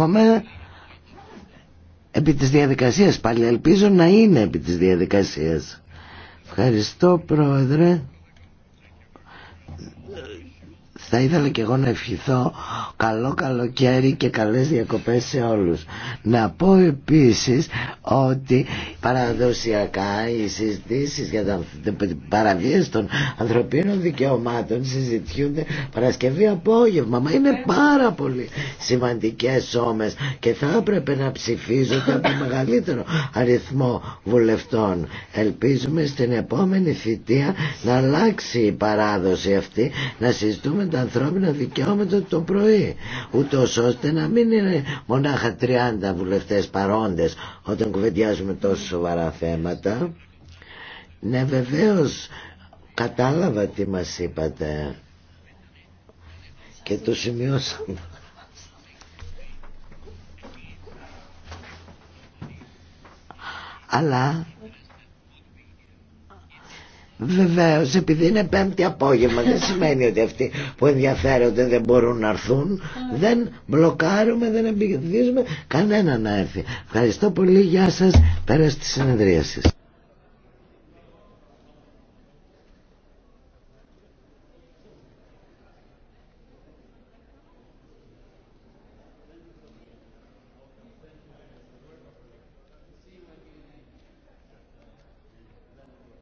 εύχομαι επί της διαδικασίας πάλι. Ελπίζω να είναι επί της διαδικασίας. Ευχαριστώ πρόεδρε θα ήθελα και εγώ να ευχηθώ καλό καλοκαίρι και καλές διακοπές σε όλους. Να πω επίσης ότι παραδοσιακά οι συζητήσει για τα παραβίαση των ανθρωπίνων δικαιωμάτων συζητιούνται Παρασκευή απόγευμα, μα είναι πάρα πολύ σημαντικές όμες και θα έπρεπε να ψηφίζονται από μεγαλύτερο αριθμό βουλευτών. Ελπίζουμε στην επόμενη θητεία να αλλάξει η παράδοση αυτή να συζητούμε τα ανθρώπινα δικαιώματα το πρωί ούτω ώστε να μην είναι μονάχα 30 βουλευτές παρόντες όταν κουβεντιάζουμε τόσο σοβαρά θέματα ναι βεβαίως κατάλαβα τι μας είπατε και το σημειώσαμε αλλά Βεβαίω, επειδή είναι πέμπτη απόγευμα, δεν σημαίνει ότι αυτοί που ενδιαφέρονται δεν μπορούν να έρθουν. Δεν μπλοκάρουμε, δεν εμπιδίζουμε κανένα να έρθει. Ευχαριστώ πολύ, γεια σας, πέρα στη συνεδρίαση.